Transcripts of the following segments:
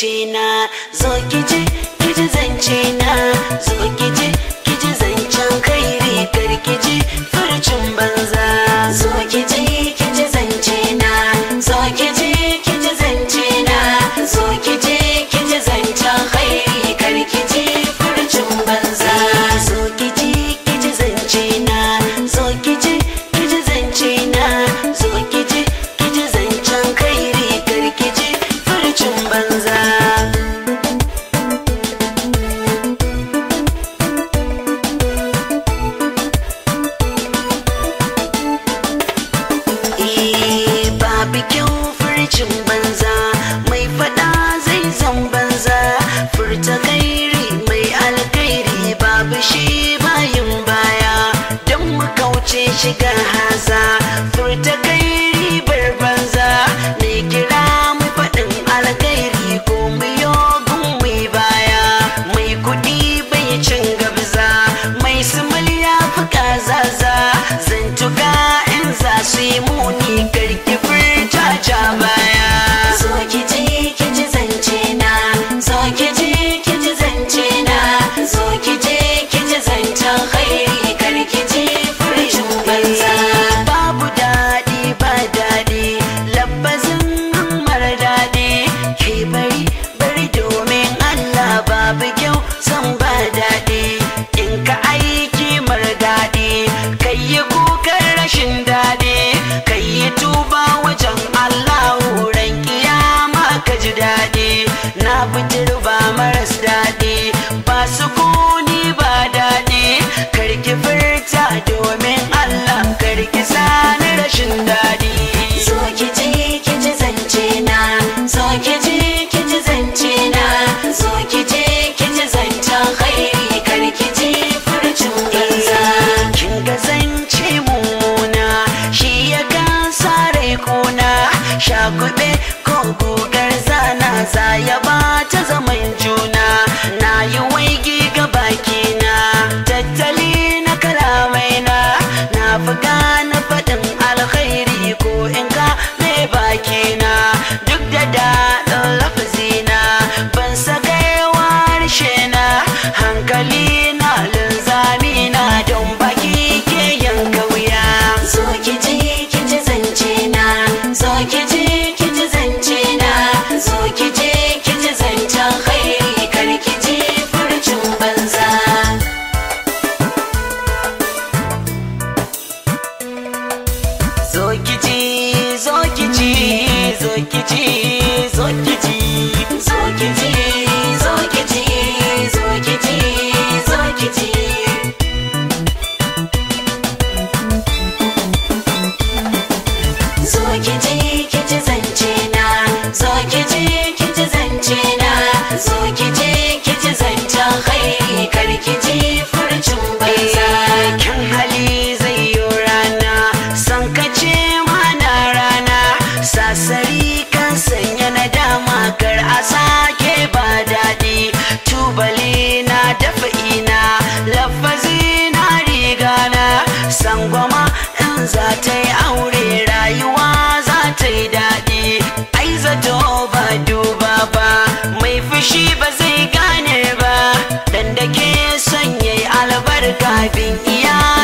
zance na zo kije kije zance na cin banza mai fada zai zan banza furta kairi mai alkairi babu shi bayin baya don mu kauce shiga haza furta desire kici zance na zo kije zancen khairi kar kiji furcin banza eh, kin hali zai yi rana san kace mana rana sasari kan sanya na dama kar a ba daɗi tubali na dafa ina lafazi na riga sangwama in za ta yi aure rayuwa za ta yi daɗi ai zato ba shi ba zai gane ba dan da ke sanye albarka bin iya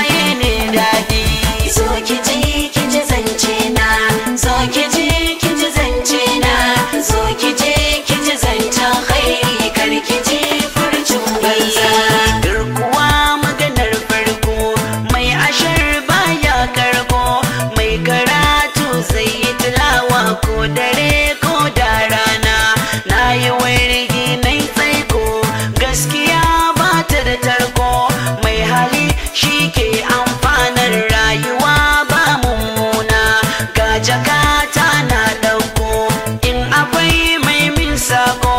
na ɗauko in akwai mai min sako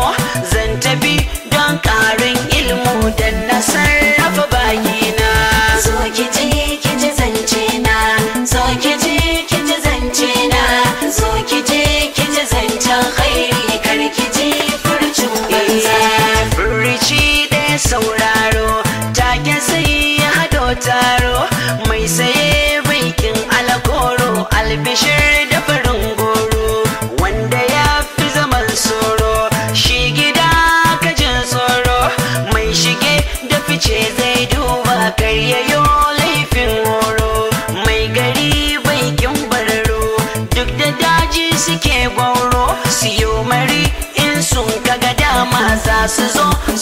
zan tafi don ƙarin ilmu don na sarrafa bakina zo ki je ki ji zance na zo ki je ki ji zance na zo ki je ki ji zancen khairi kar ki je furcin banza furci ɗaya sauraro take sai ya hado taro mai saye baikin alkoro albishir da fara glasses on